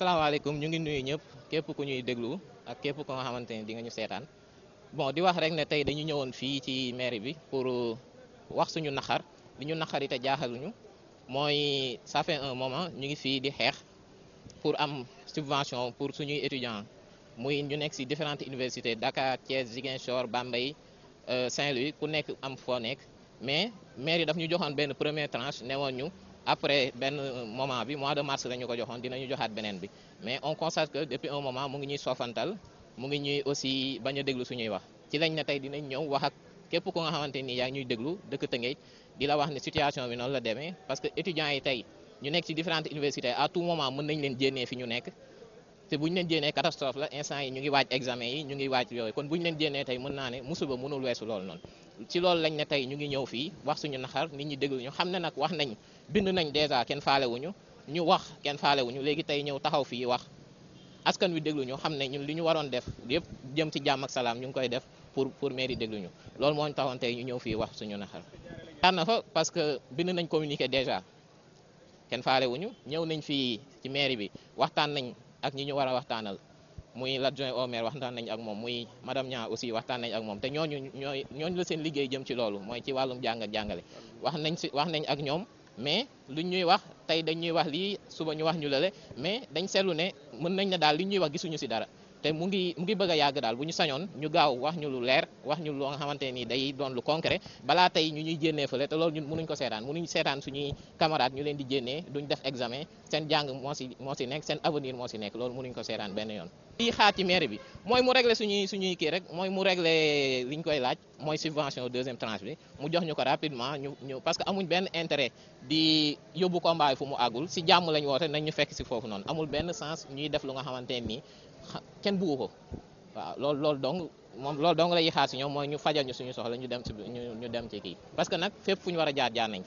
salaamaaleykum ñu ngi nuyu ñëpp képp ku ñuy déglu ak képp ko nga xamante ne di nga ñu seetaan bon di wax rek ne tey dañu ñëwoon fii ci mairie bi pour wax suñu naxar li ñu naxari te jaaxaluñu mooy ça fait un moment ñu ngi fii di xeex pour am subvention pour suñuy étudiants muy ñu nekk si différentes universités Dakar Thiès Ziguinchor bambay euh, Saint-Louis ku nekk am foo nekk mais mairie daf ñu joxoon benn première tranche newoon ñu. après benn moment bi mois de mars la ñu ko joxoon dinañu joxaat beneen bi mais on constate que depuis un moment mu ngi ñuy soofantal mu ngi ñuy aussi bañ a déglu suñuy wax ci lañ ne tey dinañ ñëw wax ak képp ku nga xamante ni yaa ñuy déglu dëkk Tëngéej di la wax ne situation bi noonu la demee parce que étudiants yi tey ñu nekk ci différentes universités à tout moment mën nañ leen jénnee fi ñu nekk te buñu leen jéenee catastrophe la instant yi ñu ngi waaj examen yi ñu ngi waaj yooyu kon buñu leen jéenee tey mën naa ne musuba mënul weesu loolu noonu ci loolu lañ ne tey ñu ngi ñëw fii wax suñu naxar nit ñi déglu ñu xam ne nag wax nañ bind nañ dèjà kenn faalewuñu ñu wax kenn faalewuñu léegi tey ñëw taxaw fii wax askan wi déglu ñu xam ne ñun li ñu waroon def yëpp jëm ci jàmm ak salaam ñu ngi koy def pour pour mairie déglu ñu loolu moo ñu ñëw fii wax suñu naxar xaar na fa parce que bind nañ communiqué dèjà kenn faalewuñu ñëw nañ fii ci mairie bi waxtaan nañ ak ñi ñu war a waxtaanal muy l'adjoint au maire waxtaan nañ ak moom muy madame Niang aussi waxtaan nañ ak moom te ñooñu ñooy ñooñu la seen liggéey jëm ci loolu mooy ci wàllum jàng ak jàngale wax nañ si wax nañ ak ñoom mais luñ ñuy wax tey dañ ñuy wax lii suba ñu wax ñu la lale mais dañ seetlu ne mën nañ ne daal li ñuy wax gisuñu si dara te mu ngi mu ngi bëgg a yàgg daal bu ñu sañoon ñu gaaw wax ñu lu leer wax ñu loo xamante ni day doon lu concret balaa tey ñu ñuy jénnee fële te loolu ñun mënuñ ko seetaan mënuñ seetaan suñuy camarade ñu leen di jénnee duñ def examen seen jàng moo si moo si nekk seen avenir moo si nekk loolu mënuñ ko seetaan benn yoon lii xaar ci maire bi mooy mu régler suñuy suñuy rek mooy mu régler liñ koy laaj mooy subvention deuxième tranche bi mu jox ñu ko rapidement ñu ñu parce que amuñ benn intérêt di yóbbu combat yi fu mu àggul si jàmm lañ woote nañ ñu fekk si foofu noonu amul benn sens ñuy def lu nga xamante kenn buggu ko waaw loolu lool dong moom lool dong la ñuy si ñoom mooy ñu fajal ñu suñu soxla ñu dem si ñu dem ci kii parce que nag fépp fu ñu war a jaar jaar nañ